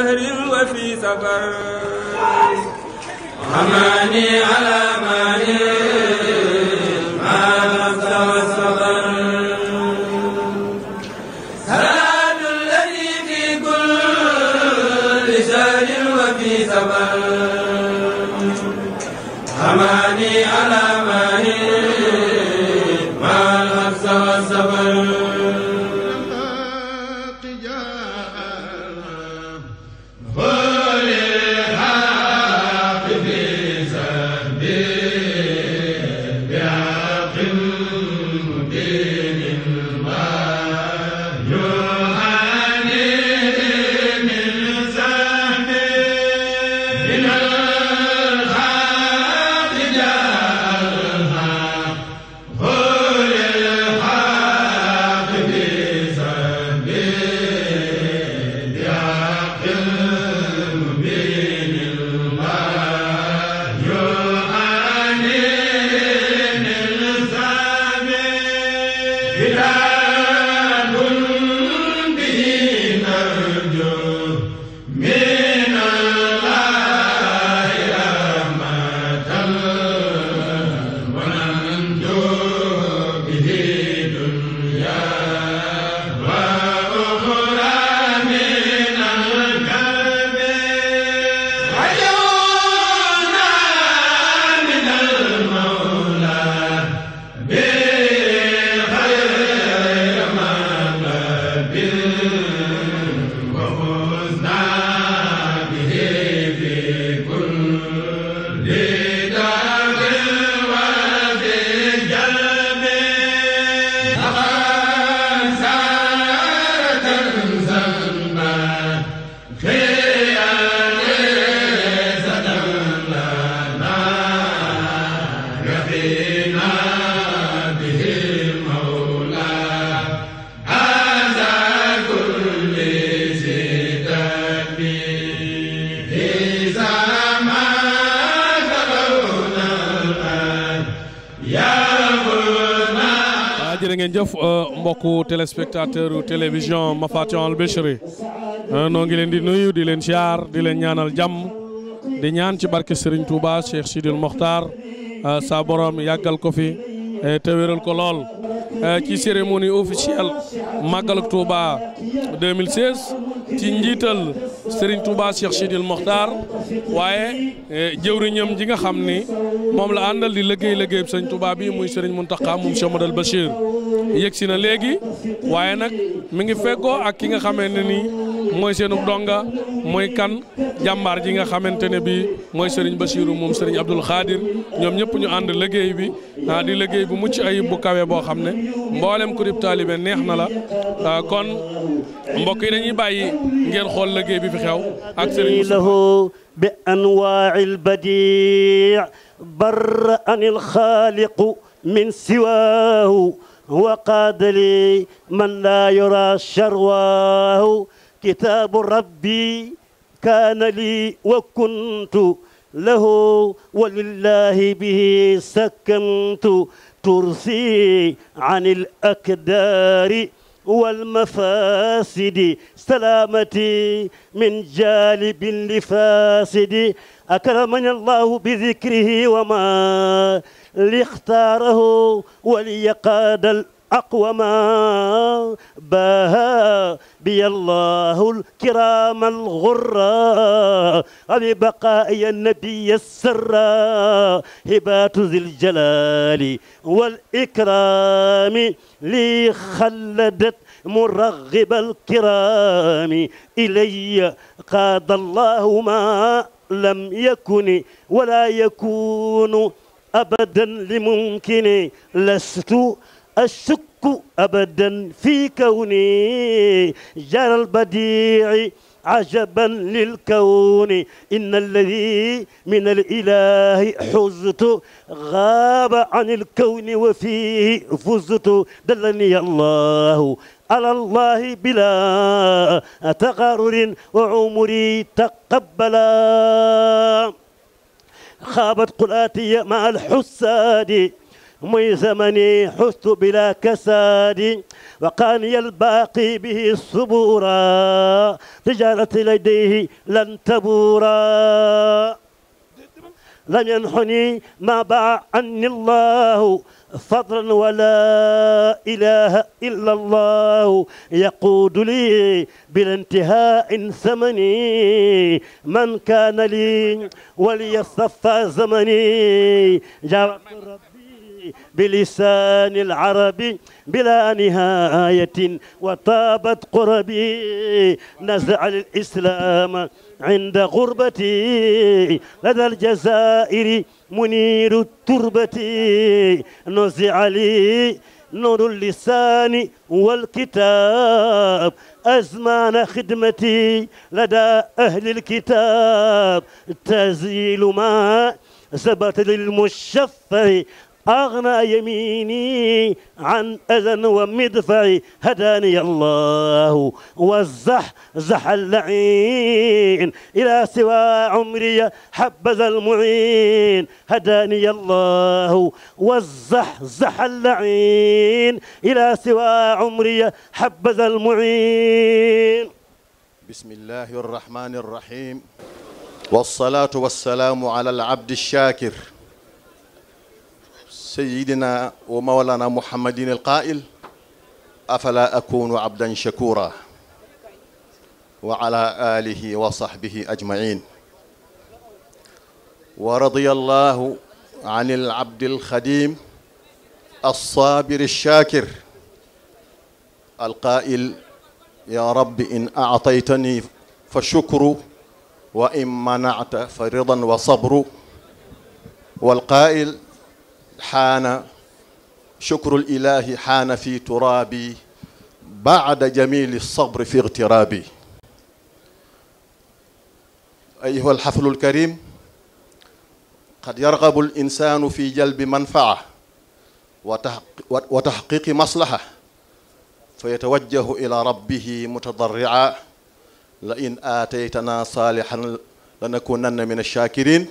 سهر وفي سفر وماني على ماني ngeen jëf euh, mbokku téléspectateur télévision Mafaation Al Bichri euh, noo ngi leen di nuyu di leen siyaar di leen ñaanal jàmm di ñaan ci barke Serigne Touba Cheikh Sidil Mokhtar euh, sa borom yàggal ko fi te ko lool ci cérémonie officielle Màggalug Touba 2016 ci njiital. Serigne Touba Cheikh Sidil Mokhtar waaye eh, jëwriñam ji nga xam ni moom la àndal di liggéey liggéey Serigne Touba bi muy Serigne Mountakha moom Cheikh Madal Bachir yegg si na léegi waaye nag mi ngi feggoo ak ki nga xamee ne nii. mooy seenu donga mooy kan jàmbaar ji nga xamante ne bi mooy sëriñ Basiiru moom sëriñ Abdul Xaadir ñoom ñëpp ñu ànd liggéey bi ah di liggéey bu mucc ayib bu kawe boo xam ne mboolem ku dib neex na la ah, kon mbokk yi dañuy bàyyi ngeen xool liggéey bi fi xew ak sëriñ lahu bi anwaa'i albadii barra an alxaaliqu min siwaahu wa qaadali man laa yura charwaahu kitaabu rabbi kaana lii wa kuntu lahu wa lillahi bihi sakamtu tursi an al akdaari wal mafaasidi salaamati min jaalibin li faasidi akramani allahu bi dikrihi wa ma li ixtaarahu wa li yaqaadal أقوم بها بي الله الكرام الغرى وببقائي النبي السرى هبات ذي الجلال والإكرام لي خلدت مرغب الكرام إلي قاد الله ما لم يكن ولا يكون أبدا لممكن لست الشك أبدا في كوني جرى البديع عجبا للكون إن الذي من الإله حزت غاب عن الكون وفيه فزت دلني الله على الله بلا تغرر وعمري تقبلا خابت قلاتي مع الحساد من زمني حثت بلا كساد وقاني الباقي به الصبورا تجارة لديه لن تبورا لم ينحني ما باع عني الله فضلا ولا إله إلا الله يقود لي بلا انتهاء ثمني من كان لي وليصفى زمني جاء بلسان العرب بلا نهاية وطابت قربي نزع الإسلام عند غربتي لدى الجزائر منير التربة نزع لي نور اللسان والكتاب أزمان خدمتي لدى أهل الكتاب تزيل ما ثبت للمشفع أغنى يميني عن أذى ومدفعي هداني الله والزح زح اللعين إلى سوى عمري حبذا المعين هداني الله والزح زح اللعين إلى سوى عمري حبذا المعين بسم الله الرحمن الرحيم والصلاة والسلام على العبد الشاكر sayyidina wa mawlana muhammadin alqaa'il afala akunu abdan shakura wa ala alihi wa sahbihi ajmain wa radiya allahu an alabdi alxadim alsabir alshakir alqaa'il ya rabbi in actaytani fa shukru wa in manacta fa ridan wa sabru walqaa'il xaana chukrul ilahi xaana fi turaabi baada jamili sabri fi igtiraabi ayuha alxaflu alkarim qad yargabu alinsanu fi jalbi manfaa wa taxqiqi maslaha fa yatawajjahu ila rabbihi mutadarrica la in aataytana saalixan lanakunanna min alshaakirin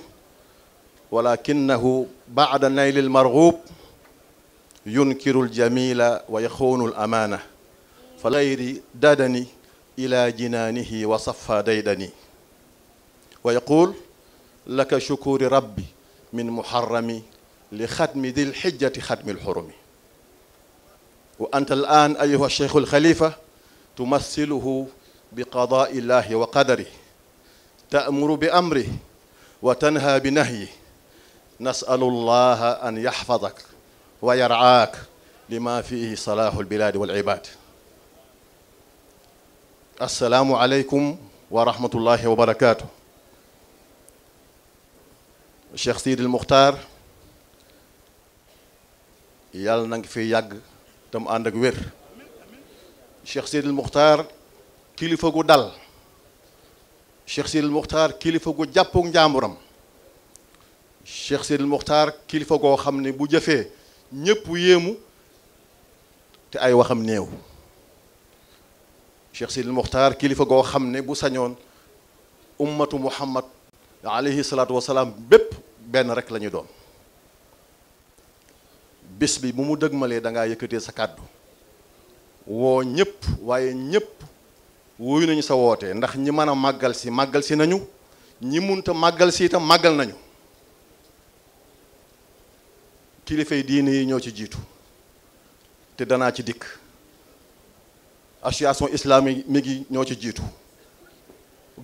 walakinahu baada naylil marghub yunkirul jamila wa yaxoonul amaana fa layri dadani ila jinaanihi wa safa daydani wa yaquul laka shukuri rabbi min muharrami li xatmi dil xijjati xatmi lxurumi wa anta al aan ayuha cheikhu alxalifa tumassiluhu bi qadaai illahi wa qadari taamuru bi amri wa tanha bi nahyi nasalullaha an yaxfadak wa yaraak lima fihi salaahu albilaadi walibaad assalaamu aleykum wa rahmatullahi wa barakaatu Cheikh Sidil Muxtaar yàlla na nga fi yàgg te mu ànd ak wér Cheikh Sidil Muxtaar kilifa gu dal Cheikh Sidil Muxtaar kilifa gu jàppu njàmburam Cheikh Seydil Muxtaar kilifa goo xam ne bu jëfee ñëpp yéemu te ay waxam néew Cheikh Seydil Muxtaar kilifa goo xam ne bu sañoon ummatu Muhammad alayhi salaatu wasalaam bépp benn rek lañu doon bis bi bu mu dëgmalee danga ngaa yëkkatee sa kàddu woo ñëpp waaye ñëpp wuyu nañu sa woote ndax ñi mën a màggal si màggal si nañu ñi munta màggal siitam màggal nañu kilifay diini yi ñoo ci jiitu te danaa ci dikk association islamique mi ñoo ci jiitu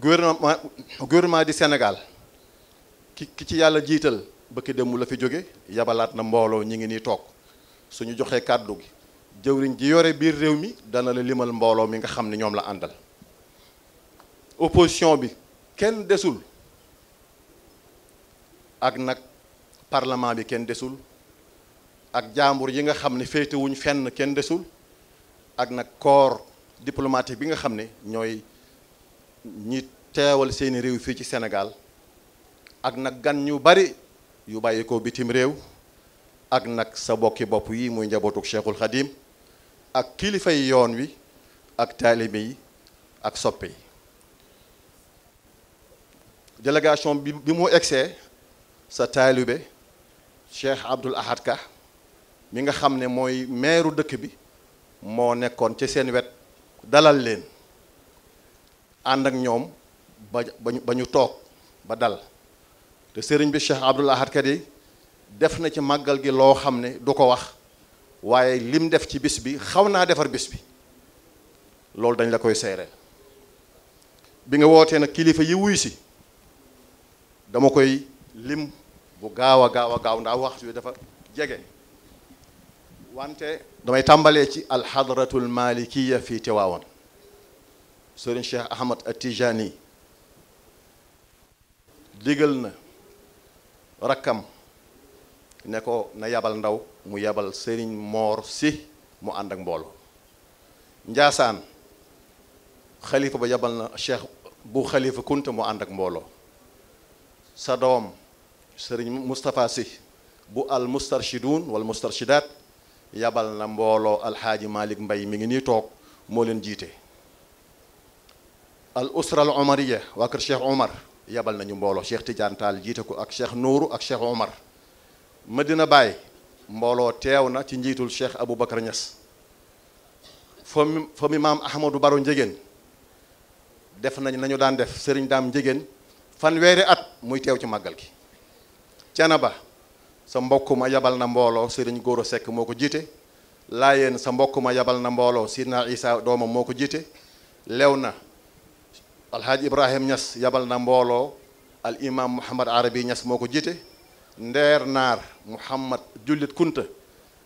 gouvernement gouvernement du Sénégal ki ki ci yàlla jiital bëkki dem mu la fi jóge yabalaat na mbooloo ñi ngi nii toog suñu joxee kàddu gi jëwriñ ji yore biir réew mi dana la limal mbooloo mi nga xam ne ñoom la àndal opposition bi kenn desul ak nag parlament bi kenn desul ak jaambur yi nga xam ne féetewuñ fenn kenn desul ak nag koor diplomatique bi nga xam ne ñooy ñi teewal seeni réew fii ci senegal ak nag gan ñu bari yu bàyyi ko bitim réew ak nag sa bokki bopp yi muy njabootuk Cheikhul Khadim ak kilifay yoon wi ak taalibe yi ak soppe yi délégation bi bi mu egsee sa taalibe Cheikh Abdoul Ahad mi nga xam ne mooy meeru dëkk bi moo nekkoon ci seen wet dalal leen ànd ak ñoom ba ba ñu toog ba dal te sëriñ bi Cheikh Abdoul Ahad def na ci màggal gi loo xam ne du ko wax waaye lim def ci bis bi xaw naa defar bis bi loolu dañ la koy seereel bi nga wootee na kilifa yi wuy si dama koy lim bu gaaw a gaaw a gaaw ndax wax yu dafa jege wante damay tàmbalee ci alxadratul malikiya fii Tiwaawan sëriñ Cheikh Ahmad Atijani digal na rakkam ne ko na yabal ndaw mu yabal sëriñ moor si mu ànd ak mbooloo njaasaan xalifa ba yabal na cheikh bu xalifa kunta mu ànd ak mbooloo sa doom sëriñ Moustapha si bu al mustarshidun wala mustarshidaat yabal na mbooloo alxaaji Malick Mbay mi ngi nii toog moo leen jiite al usra al omariya waa kër Cheikh Omar yabal nañu mbooloo Cheikh Tidiane Tall jiite ko ak Cheikh Nourou ak Cheikh Omar Medina Baye mbooloo teew na ci njiitul Cheikh Aboubacar Niass fo mi fa mi maam Ahmadou Baro Njegéen def nañ nañu daan def sëriñ daam Njegéen fanweeri at muy teew ci màggal gi Thiénaba sa mbokk ma yabal na mbooloo sëriñ Gora Seck moo ko jiite laayeen sa mbokk ma yabal na mbooloo Sidna Isa doomam moo ko jiite lew na alhaaji Ibrahim Niass yabal na mbooloo al imam Mouhamad Arabi Niass moo ko jiite ndeer naar Mouhamad Jullit Kunta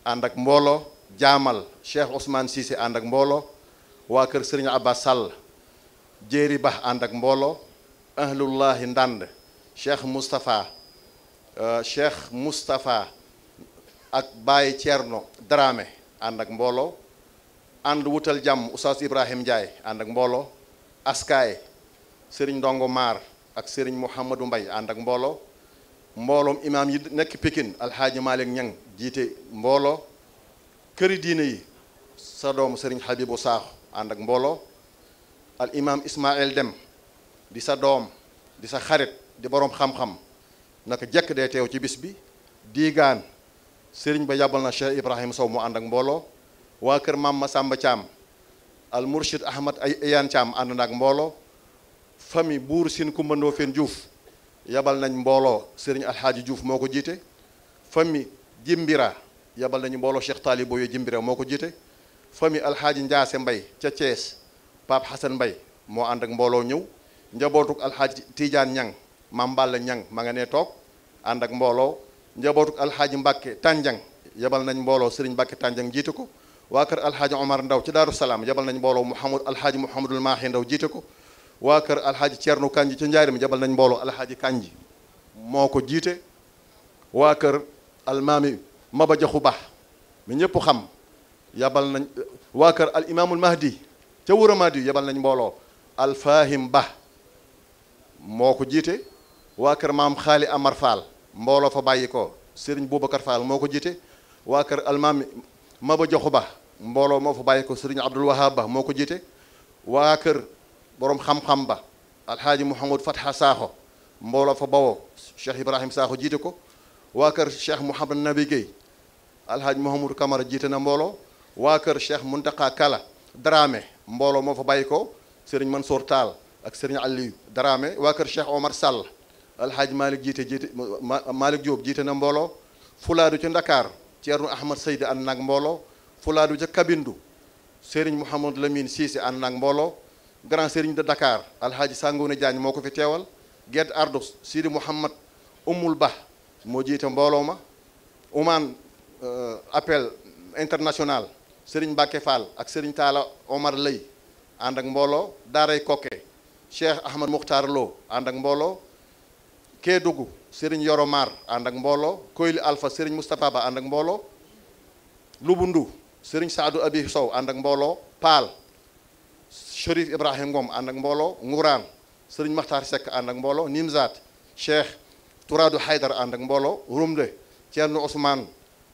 ànd ak mbooloo jaamal Cheikh Ousmane Cissé ànd ak mbooloo waa kër sëriñ Abbas Sall jéeri bax ànd ak mbooloo ahlullahi ndànd Cheikh Moustapha Euh, Cheikh Moustapha ak Baye Thierno Dramé ànd ak mbooloo ànd wutal jàmm Oustaz Ibrahim Ndiaye ànd ak mbooloo askaay Serigne Ndongo Maar ak Serigne Mouhamadou Mbay ànd ak mbooloo mbooloom imaam yi nekk Pikine Alhaaji Malick Ñang jiite mbooloo këri diine yi sa doomu Serigne Habibu Saaxu ànd ak mbooloo al imaam Ismaël Dem di sa doom di sa xarit di boroom xam-xam naka jekk day teew ci bis bi diigaan sëriñ ba yabal na Cheikh Ibrahima Sow mu ànd ak mbooloo waa kër maam ma Samba Thiam al Mourchid Ahmad ay Iyaan Thiam ànd na ak mbooloo famille buur sin kumbandoo fen Diouf yabal nañ mbooloo sëriñ Alxaaji juuf moo ko jiite famille Jimbira yabal nañu mbooloo Cheikh Talibo yooyu Jimbira moo ko jiite famille Alxaaji Njaase Mbay ca Thiès Pape Xasan Mbay moo ànd ak mbooloo ñëw njabootuk Alxaaji Tiijaan Ñang Mame Balla Niang ma nga ne toog ànd ak mbooloo njabootuk alxaaji Mbàkke Tànjang yebal nañ mbooloo Serigne Mbàkke Tànjang jiite ko waa kër alxaaji Omar Ndaw ci Daaru Salaam yebal nañ mbooloo Mouhamad alxaaji Mouhamadul Maahi Ndaw jiite ko waa kër alxaaji Ceerno Kanji ci Njaarim yebal nañ mbooloo alxaaji Kanji moo ko jiite waa kër almaami Maba Jaxu Ba mi ñëpp xam yabal nañ waa kër al imaamul Mahdi ca Wuro Mahdi yebal nañ mbooloo alfahim Ba moo ko jiite waa kër maam xaali Amar Fall mbooloo fa bàyyi ko Serigne Boubacar Fall moo ko jiite waa kër almaami Maba Joxu Ba mbooloo moo fa bàyyi ko Serigne Abdul Wahab Ba moo ko jiite waa kër boroom xam-xam ba alhaaji Mouhamadou Fatha Sakho mbooloo fa bawoo Cheikh Ibrahim Sakho jiite ko waa kër Cheikh Mouhamad Nabi Guèye alhaaji Mouhamadou Kamara jiite na mbooloo waa kër Cheikh Muntaka Kala Dramé mbooloo moo fa bàyyi ko Serigne Mansour taal ak sëriñ Aliou Dramé waa kër Cheikh Omar Sall alxaaj Malick jiite jiite Malick Diop jiite na mbooloo fulaadu ca Ndakaar Ceerno Ahmad Seydi ànd naag mbooloo fulaadu ca Kabindu Serigne Mouhamadou Lamine Cissé ànd naag mbooloo grand Serigne de Dakar alxaaji Sangoone Diagne moo ko fi teewal Gedd Ardo Sidi Mouhamad Umul Bah moo jiite mbooloo ma Oman euh, appel international Serigne Mbacke Fall ak Serigne Talla Omar Lay ànd ak mbooloo daaray Kokke Cheikh Ahmad Mukhtar Lo ànd ak mbooloo Kédougou Serigne Yoro Mar ànd ak mbooloo Koyli Alpha Serigne Moustapha Ba ànd ak mbooloo Lubundu sëriñ Saadou Abi Sow ànd ak mbooloo Paal Chérif Ibrahim Ngom ànd ak mbooloo Ngouraan sëriñ Makhtar Seck ànd ak mbooloo Nimzat Cheikh Touradou Haydar ànd ak mbooloo Rumde Thierno Ousmane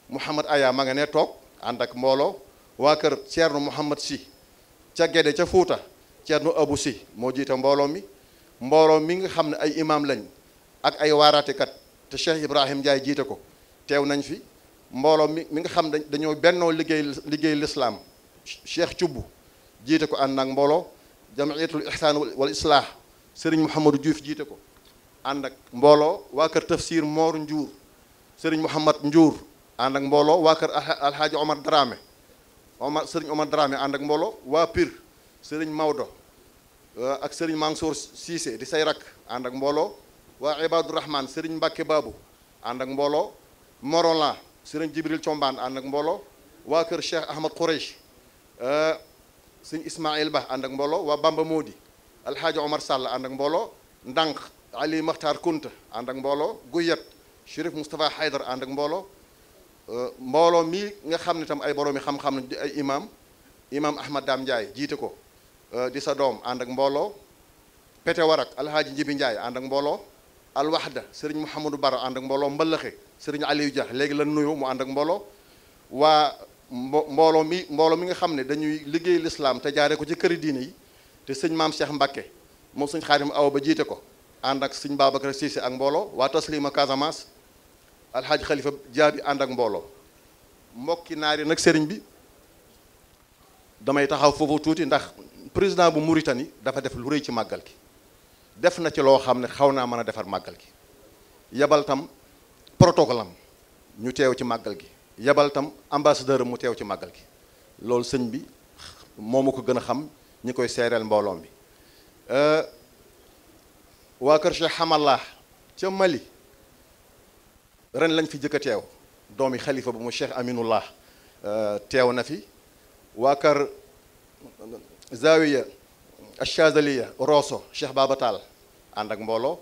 Mouhamad Aya ma nga ne toog ànd ak mbooloo waa kër Thierno Mouhamad si ca Gédé ca Fuuta Thierno Abou si moo jiite mbooloo mi mbooloo mi nga xam ne ay imaam lañ ak ay waaraatekat te Cheikh Ibrahim Ndiaye jiite ko teew nañ fi mbooloo mi mi nga xam dañoo bennoo liggéey liggéey lislaam Cheikh Thioub jiite ko ànd ak mbooloo jamiyatul ihsaan wal islah Serigne Mouhamadou Diouf jiite ko ànd ak mbooloo waa kër tafsir Mor Ndiour Serigne Mouhamad njuur ànd ak mbooloo waa kër Alhaaji Omar Dramé Omar Serigne Omar Dramé ànd ak mbooloo waa piir sëriñ Maodo euh, ak sëriñ Mansour Cissé di say rakk ànd ak mbooloo waa Ibadu Rahman Serigne Mbacke Babou ànd ak mbooloo Morolan Serigne Jibril Combaan ànd ak mbooloo waa kër Cheikh Ahmad Khourech euh, Serigne Ismail Ba ànd ak mbooloo waa Bamba Modi Alhaji Omar Sall ànd ak mbooloo Ndank Ali Makhtar Kunta ànd ak mbooloo Guyet Chérif Moustapha Haydar ànd ak mbooloo euh, mbooloo mii nga xam ne tam ay boroomi xam-xam di ay imam imam Ahmad daam Ndiaye jiite ko euh, di sa doom ànd ak mbooloo Pete Warak Alhaji Njibi Ndiaye ànd ak mbooloo alwaxda sëriñ Mouhamadou Bara ànd ak mbooloo mbalaxe sëriñ Aliou Dia léegi la nuyu mu ànd ak mbooloo waa mbo mbooloo mi mbooloo mi nga xam ne dañuy liggéey lislaam te jaaree ko ci kër diine yi te sëñ maam Cheikh Mbacke moom sëñ mu Awa ba jiite ko ànd ak sëñ Babacar Cissé ak mbooloo waa taslima Casamance alxaaj Khalifa Diaby ànd ak mbooloo mbokki naari nag sëriñ bi damay taxaw foofu tuuti ndax président bu Mauritanie dafa def lu rëy ci màggal gi def na ci loo xam ne xaw naa mën a defar màggal gi yebal tam protocole am ñu teew ci màggal gi yebal tam ambassadeur mu teew ci màggal gi loolu sëñ bi moomu ko gën a xam ñu koy seereel mbooloom bi waa kër Cheikh Hamallah ca Mali ren lañ fi jëkk a teew doomi xalifa bu mu Cheikh Aminullah teew na fi waa kër Zawiya Chazaliya Rosso Cheikh Baba Tall ànd ak mbooloo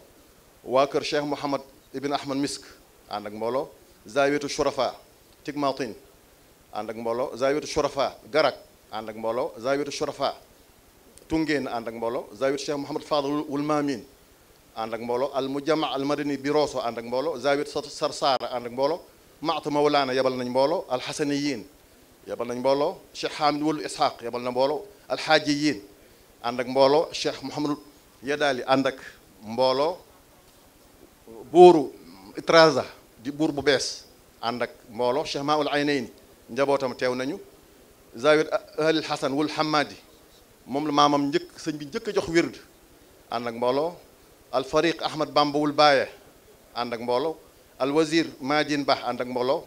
waa kër Cheikh Mouhamad Ibn Ahmad Misk ànd ak mbooloo Zawiyetu Chourafa Tigmatin ànd ak mbooloo Zawiyetu Chourafa Garak ànd ak mbooloo Zawiyetu Chourafa Tungeen ànd ak mbooloo Zawiyetu Cheikh Mouhamad Fadl Wulmamin ànd ak mboolo al Mujama al Madani bi Rosso ànd ak mbooloo Zawiyetu Sarsara ànd ak mbooloo Maatu Mawlana yabal nañ mbooloo Al Hasaniyin yabal nañ mbooloo Cheikh Hamid Wulu Ishaq yabal na mbooloo Al Hajiyin ànd ak mbooloo Cheikh Mouhamadul Yadaali ànd ak mbooloo buuru Itraza di buur bu bees ànd ak mbooloo Cheikh Maul Aynayni njabootam teew nañu Zawir Ahlil Hasan wul Hamadi moom la maamam njëkk sëñ bi njëkk a jox wird ànd ak mbooloo al Fariq Ahmad Bamba wul Baaye ànd ak mbooloo al Wazir Madine Ba ànd ak mbooloo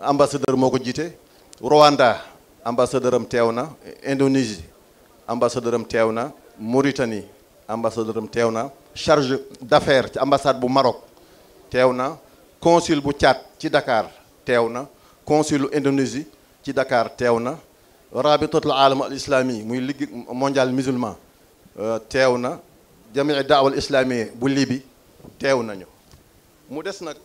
ambassadeur moo ko jiite Rwanda ambassadeur am teew na Indonésie ambassadeur am teew na Mauritanie ambassadeur teew na charge d'affaires ci ambassade bu Maroc teew na consul bu Tchad ci Dakar teew na consul bu ci Dakar teew na rabitatul alam al islami muy ligue mondial musulman euh, teew na jamii daawal islami bu Libi teew nañu mu des nag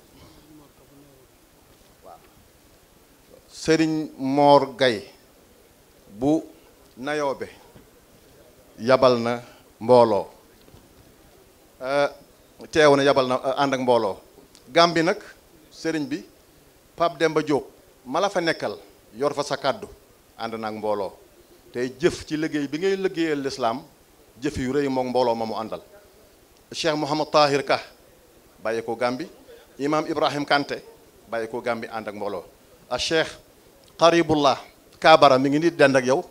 sëriñ Mor Gaye bu Nayobe yabal na mbooloo euh, teew na yabal na euh, ànd ak mbooloo Gàmbi nag sëriñ bi Pape Demba Diop mala fa nekkal yor fa sa kàddu ànd na ak mbooloo tey jëf ci liggéey bi ngay liggéeyal lislaam jëf yu rëy mook mbooloo ma mu àndal Cheikh Mouhamad Tahir Ka bàyyi ko Gàmbi Imam Ibrahim Kanté bàyyi ko Gàmbi ànd ak mbooloo a Cheikh Qaribullah kaabara mi ngi nit dend ak yow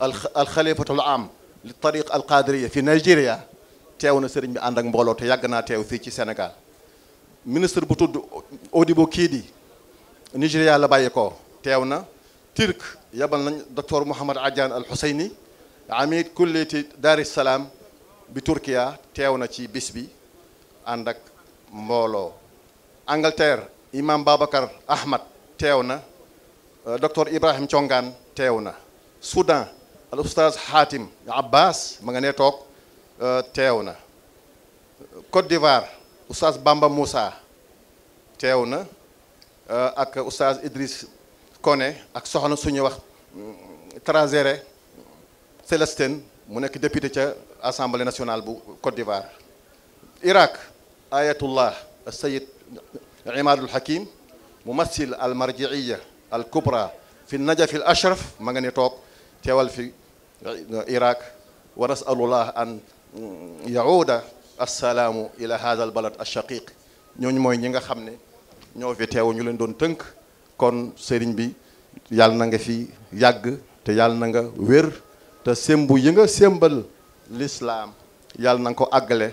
al xalifatul am li tariq alqadiriya fi Nigeria teew na sëriñ bi ànd ak mbooloo te yàgg naa teew fii ci Sénégal ministre bu tudd Modibo Kedi Nigeria la bàyyi ko teew na turc yabal nañ docteur Mouhamad Adjan Al Husseini amid kulliyati Dar es Salaam bi Turkiya teew na ci bis bi ànd ak mbooloo Angleterre imam Babacar Ahmad teew na euh, docteur Ibrahim Congaan teew na Soudan al oustaz Hatim Abbas ma nga ne toog euh, teew na Côte d'Ivoire oustaz Bamba Moussa teew na euh, ak oustaz Idriss Koné ak soxna suñuy wax mm, Trazéré Célestine mu nekk député ca assemblée nationale bu Côte d'Ivoire Irak ayatullah sayid imadul hakim mumassil al marjiiya al kubra fi najafi al ashraf ma nga ne toog teewal fi iraq wa nasalullah an mm, yauda assalaamu ila hada al balad ashaqiq ñooñu mooy ñi nga xam ne ñoo fi teew ñu leen doon tënk kon sëriñ bi yàlla na nga fi yàgg te yàlla na nga wér te sémbu yi nga sémbal lislaam yàlla na nga ko àggale